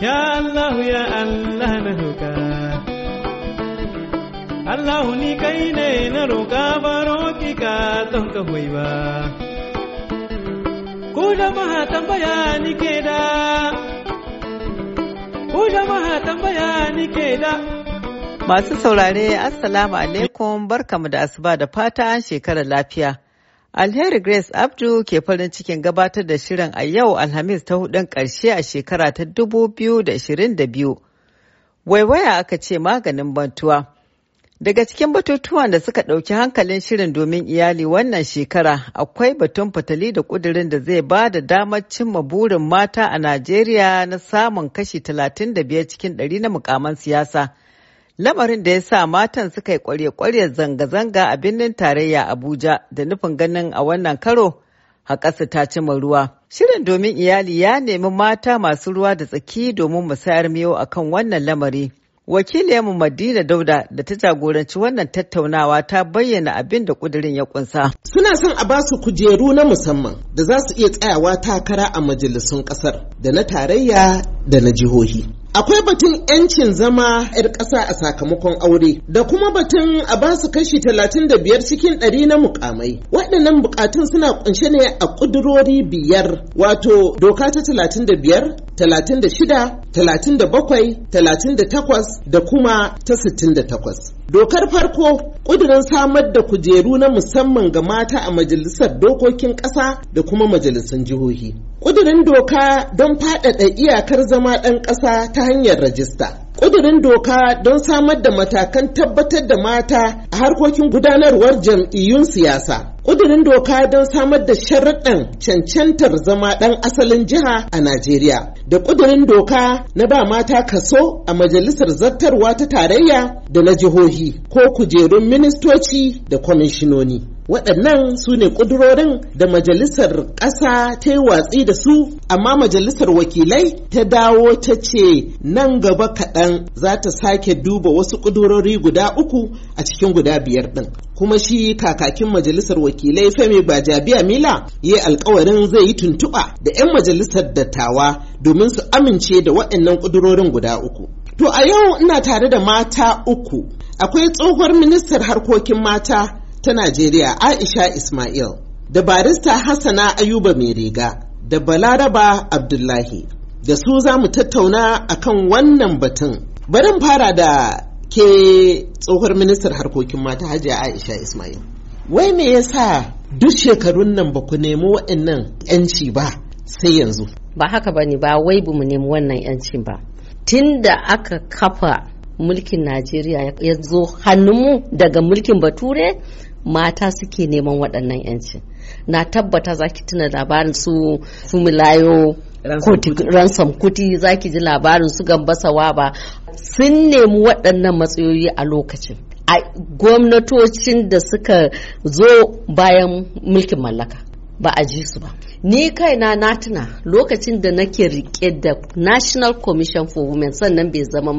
Ya Allah ya Allah na roƙa Allah ni kai ne na roƙa baro ki ka don ka hoyi ba Ku jama'a tambaya ni ke da Ku jama'a tambaya ni ke da Masu saurare Assalamu alaikum barkamu da asuba da fata shekarar lafiya Alheri Grace Abdu ke farin cikin gabatar da shirin a yau Alhamis ta hudun karshe a shekara ta 2022. Waiwaya aka ce maganin bantuwa. Daga cikin batutuwan da suka ɗauki hankalin shirin domin iyali wannan shekara akwai batun fitali da ƙudurin da zai ba da damar cimma burin mata a Najeriya na samun kashi 35 cikin 100 na mukaman siyasa. lamarin da ya sa matan suka yi kwarye-kwarye zanga-zanga a birnin tarayya Abuja da nufin ganin a wannan karo a ƙasa ta cima ruwa. Shirin domin iyali ya nemi mata masu ruwa da tsaki domin musayar miyo kan wannan lamari. Wakiliyarmu Madina Dauda da ta jagoranci wannan tattaunawa ta bayyana abin da kudirin ya kunsa. Suna son a basu kujeru na musamman da za su iya tsayawa takara a majalisun kasar da na tarayya da na jihohi. akwai batun 'yancin zama 'yar ƙasa a sakamakon aure da kuma batun a ba su kashi 35 cikin 100 na mukamai waɗannan bukatun suna kunshe ne a ƙudurori biyar wato doka ta 35 36 37 38 da kuma ta 68 Dokar farko ƙudurin samar da kujeru na musamman ga mata a majalisar dokokin ƙasa da kuma majalisun jihohi. ƙudurin doka don faɗaɗa iyakar zama ɗan ƙasa ta hanyar rajista ƙudurin doka don samar da matakan tabbatar da mata a harkokin gudanarwar jam'iyyun siyasa ƙudurin doka don samar da sharaɗin cancantar zama ɗan asalin jiha a najeriya da ƙudurin doka na ba mata kaso a majalisar zartarwa ta tarayya da na jihohi ko kujerun ministoci da kwamishinoni waɗannan su ne ƙudurorin da majalisar ƙasa ta yi watsi da su amma majalisar wakilai ta dawo ta ce nan gaba kaɗan za ta sake duba wasu ƙudurori guda uku a cikin guda biyar ɗin kuma shi kakakin majalisar wakilai femi bajabiya mila ya yi alkawarin zai yi tuntuɓa da 'yan majalisar dattawa domin su amince da waɗannan ƙudurorin guda uku to a yau ina tare da mata uku akwai tsohuwar ministar harkokin mata ta Najeriya Aisha Ismail da barista Hassana Ayuba mai riga da Balaraba Abdullahi da su za mu tattauna akan wannan batun. Barin fara da ke tsohuwar ministar harkokin mata Hajiya Aisha Ismail. Wai me yasa duk shekarun nan ba ku nemi wa'annan 'yanci ba sai yanzu? Ba haka ba ne ba wai ba mu nemi wannan yanci ba. Tun da aka kafa mulkin Najeriya ya zo hannunmu daga mulkin Bature mata suke neman waɗannan yanci na tabbata za ki tuna labarin su fumilayo ransom kuti za ki ji labarin su gambasawa ba sun nemi waɗannan matsayoyi a lokacin a gwamnatocin da suka zo bayan mulkin mallaka ba a ji su ba ni kaina na tuna lokacin da nake rike da national commission for women sannan bai zama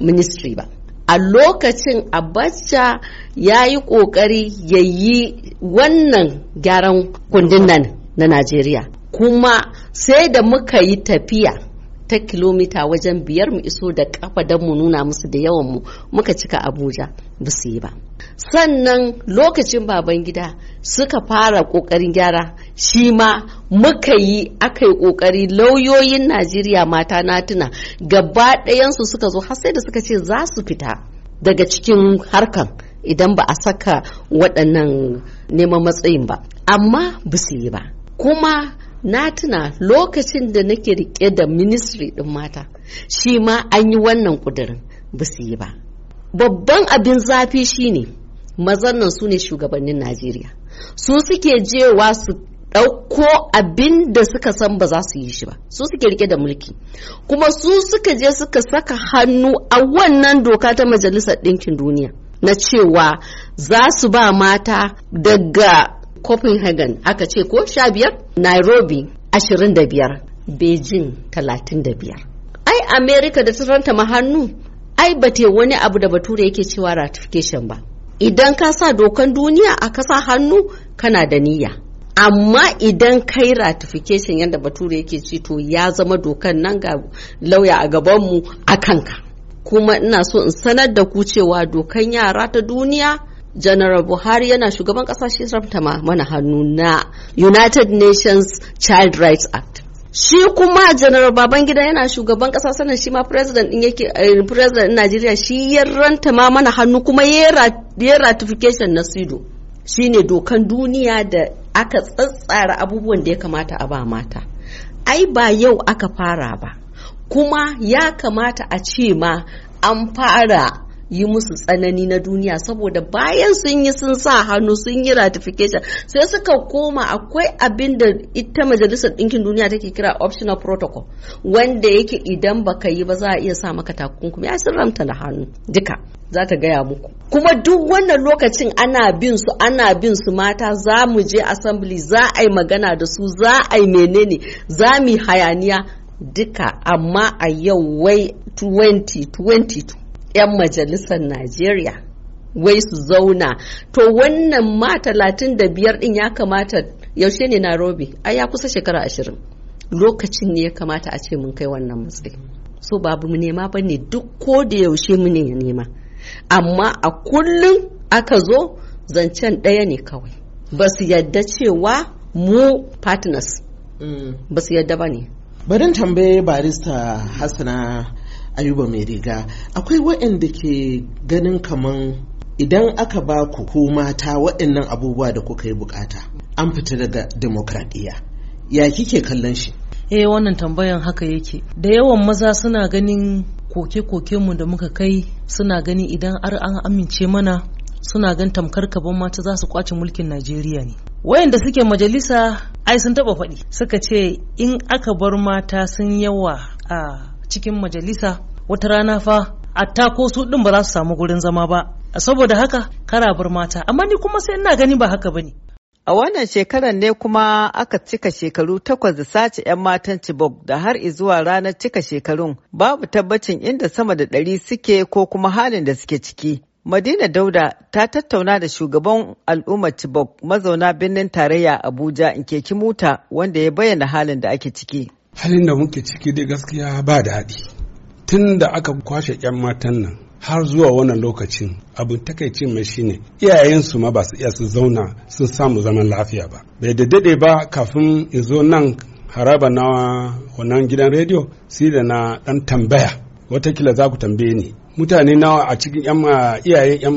ministry ba a lokacin abacha ya yi ƙoƙari ya yi wannan gyaran kundin nan na najeriya kuma sai da muka yi tafiya ta kilomita wajen biyar mu iso da kafa don mu nuna musu da yawan mu muka cika abuja ba su yi ba sannan lokacin baban gida suka fara kokarin gyara shi ma muka yi aka yi kokari lauyoyin najeriya mata na tuna gaba ɗayansu suka zo har sai da suka ce za su fita daga cikin harkan idan ba a saka waɗannan neman matsayin ba amma ba su yi ba kuma na tuna lokacin da nake rike da ministry din mata shi ma an yi wannan kudirin ba su yi ba babban abin zafi shine mazan nan su ne shugabannin najeriya su suke jewa su ɗauko abin da suka san ba za su yi shi ba su suke rike da mulki kuma su suka je suka saka hannu a wannan doka ta majalisar ɗinkin duniya na cewa za su ba mata daga copenhagen aka ce ko sha biyar nairobi ashirin da biyar beijing talatin da biyar ai Amerika da ta rantama hannu ai ba te wani abu da bature yake cewa ratification ba idan ka sa dokan duniya a kasa hannu kana da niyya amma idan kai ratification yadda bature yake ci to ya zama dokan nan ga lauya a gabanmu a kanka kuma ina so in sanar da ku cewa dokan yara ta duniya Janaral Buhari yana shugaban kasashe shi mana hannu na United Nations Child Rights Act. Shi kuma General Babangida yana shugaban kasa sanin shi ma president din yake eh, president Najeriya shi ya rantama mana hannu kuma ya ratification na SIDO. Shine dokan duniya da aka tsatsara abubuwan da ya kamata a ba mata. Ai ba yau aka fara ba. Kuma ya kamata a ce ma an fara yi musu tsanani na duniya saboda bayan sun yi sun sa hannu sun yi ratification sai suka koma akwai abin da ita majalisar ɗinkin duniya take kira optional protocol wanda yake idan baka yi ba za a iya sa maka takunkumi ya sun ramta da hannu duka za ta gaya muku kuma duk wannan lokacin ana bin su ana bin su mata za mu je assembly za a yi magana da su za a yi menene za mu yi hayaniya duka amma a yau wai 2022 'yan majalisar Najeriya wai su zauna to wannan ma talatin da biyar din ya kamata yaushe ne Nairobi a ya kusa shekara ashirin lokacin ne ya kamata a ce mun kai wannan matsayi so babu mu nema ba ne duk ko da yaushe mu ne nema amma a kullum aka zo zancen ɗaya ne kawai ba su yadda cewa mu partners mm. ba su yadda ba ne barin tambaye barista hassana ayuba mai riga akwai waɗanda ke ganin kaman idan aka ba ku ko mata waɗannan abubuwa da kuka yi bukata an fita daga demokradiyya ya kike kallon shi eh wannan tambayan haka yake da yawan maza suna ganin koke-koke mu da muka kai suna gani idan har an amince mana suna gan tamkar kaban mata za su kwace mulkin najeriya ne wayanda suke majalisa ai sun taba faɗi suka ce in aka bar mata sun yawa a cikin majalisa wata rana fa atta ko su din ba za su samu gurin zama ba saboda haka kara bar mata amma ni kuma sai ina gani ba haka bane A wannan shekarar ne kuma aka cika shekaru takwas da sace 'yan matan Chibok da har zuwa ranar cika shekarun babu tabbacin inda sama da ɗari suke ko kuma halin da suke ciki. Madina Dauda ta tattauna da shugaban al'ummar Chibok mazauna birnin tarayya Abuja in Nkeki Muta wanda ya bayyana halin da ake ciki. halin da muke ciki dai gaskiya ba daɗi tun da aka kwashe 'yan matan nan har zuwa wannan lokacin abin takaicin mai shine iyayensu ma ba su iya su zauna sun samu zaman lafiya ba bai da daɗe ba kafin in zo nan haraba na wannan gidan rediyo sai da na ɗan tambaya watakila za ku tambaye ni mutane nawa a cikin iyayen 'yan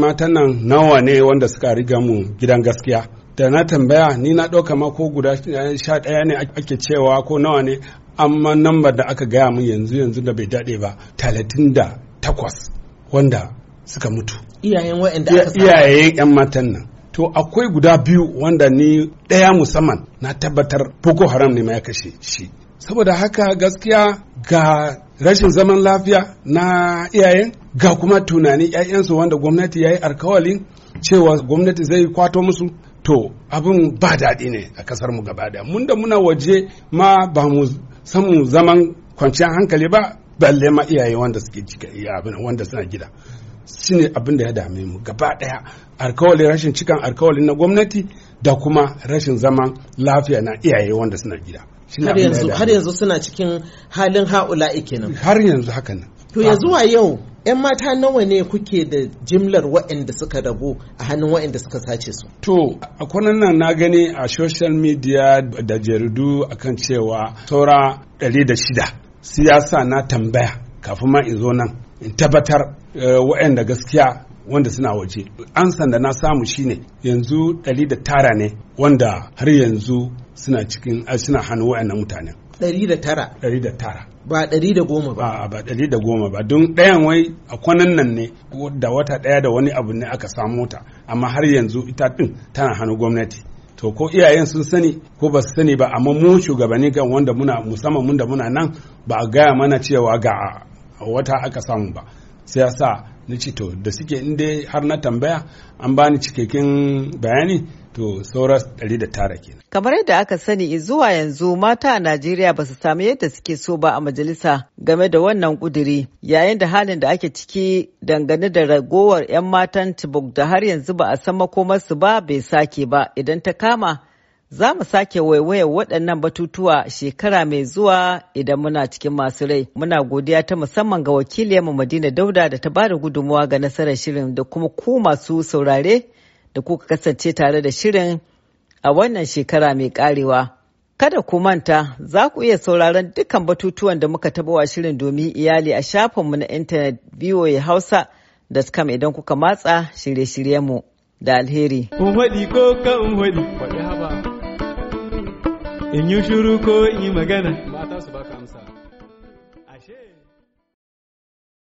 matan nan nawa ne wanda suka riga mu gidan gaskiya da na tambaya ni na ɗauka ma ko guda sha ɗaya ne ake cewa ko nawa ne amma nambar da aka gaya min yanzu yanzu da bai daɗe ba talatin da takwas wanda suka mutu iyayen waɗanda aka iyayen yan matan nan to akwai guda biyu wanda ni ɗaya musamman na tabbatar boko haram ne ma ya kashe shi saboda haka gaskiya ga rashin zaman lafiya na iyayen ga kuma tunani 'ya'yansu wanda gwamnati ya yi alkawalin cewa gwamnati zai kwato musu to abin ba daɗi ne a kasar mu gaba ɗaya mun da muna waje ma ba mu samu zaman kwanciyar hankali ba balle ma iyaye wanda suke abin wanda suna gida shine abin da ya dame mu gaba daya alkawalin rashin cikan alkawalin na gwamnati da kuma rashin zaman lafiya na iyaye wanda suna gida har yanzu suna cikin halin ha'ula'i kenan har yanzu haka nan to ya zuwa yau 'yan mata nawa ne kuke da jimlar waɗanda suka rabu a hannun waɗanda suka sace su? To, a kwanan nan na gani a social media da jaridu akan cewa saura shida siyasa na tambaya kafin ma in zo nan in tabbatar eh, waɗanda gaskiya wanda suna waje. An sanda na samu shine yanzu tara ne wanda har yanzu suna cikin suna hannun waɗannan mutanen. 109 ba 110 ba ba goma ba don ɗayan wai a kwanan nan ne da wata ɗaya da wani abu ne aka samu ta amma har yanzu ita ɗin tana hannu gwamnati to ko iyayen sun sani ko ba su sani ba amma mu shugabanni kan wanda muna musamman mun da muna nan ba a gaya mana cewa ga wata aka samu ba sai sa. na ce to da suke inda har na tambaya an bani cikakken bayani to saura ɗari da tara kenan. kamar yadda aka sani zuwa yanzu mata a najeriya ba su sami yadda suke so ba a majalisa game da wannan kuduri yayin da halin da ake ciki dangane da ragowar 'yan matan tibok da har yanzu ba a san makomarsu ba bai sake ba idan ta kama Za mu sake waiwaye waɗannan batutuwa shekara mai zuwa idan muna cikin masu rai. Muna godiya ta musamman ga wakiliyarmu Madina Dauda da ta bada gudunmawa ga nasarar shirin da kuma ku masu saurare da kuka kasance tare da shirin a wannan shekara mai karewa. Kada ku manta za ku iya sauraron dukkan batutuwan da muka taba wa shirin domin iyali a shafinmu na intanet voa hausa.com idan kuka matsa shirye-shiryenmu da alheri. in yi shuru ko in yi magana mata su baka amsa